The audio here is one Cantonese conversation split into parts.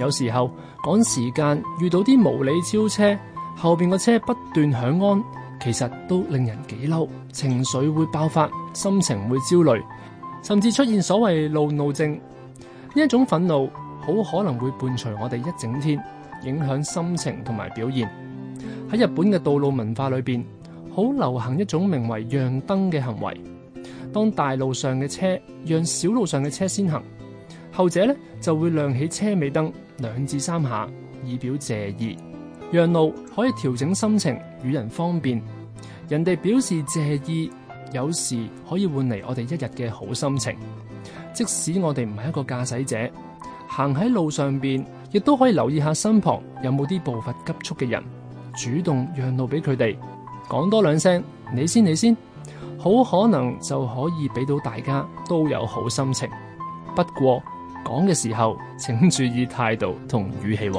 有時候趕時間，遇到啲無理超車，後邊個車不斷響安，其實都令人幾嬲，情緒會爆發，心情會焦慮，甚至出現所謂路怒症。呢一種憤怒好可能會伴隨我哋一整天，影響心情同埋表現。喺日本嘅道路文化裏邊，好流行一種名為讓燈嘅行為，當大路上嘅車讓小路上嘅車先行，後者咧就會亮起車尾燈兩至三下，以表謝意。讓路可以調整心情，與人方便。人哋表示謝意，有時可以換嚟我哋一日嘅好心情。即使我哋唔係一個駕駛者，行喺路上邊，亦都可以留意下身旁有冇啲步伐急促嘅人，主動讓路俾佢哋，講多兩聲，你先，你先，好可能就可以俾到大家都有好心情。不過，講嘅時候，請注意態度同語氣。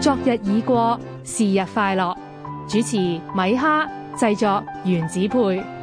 昨日已過，是日快樂。主持米哈，製作原子配。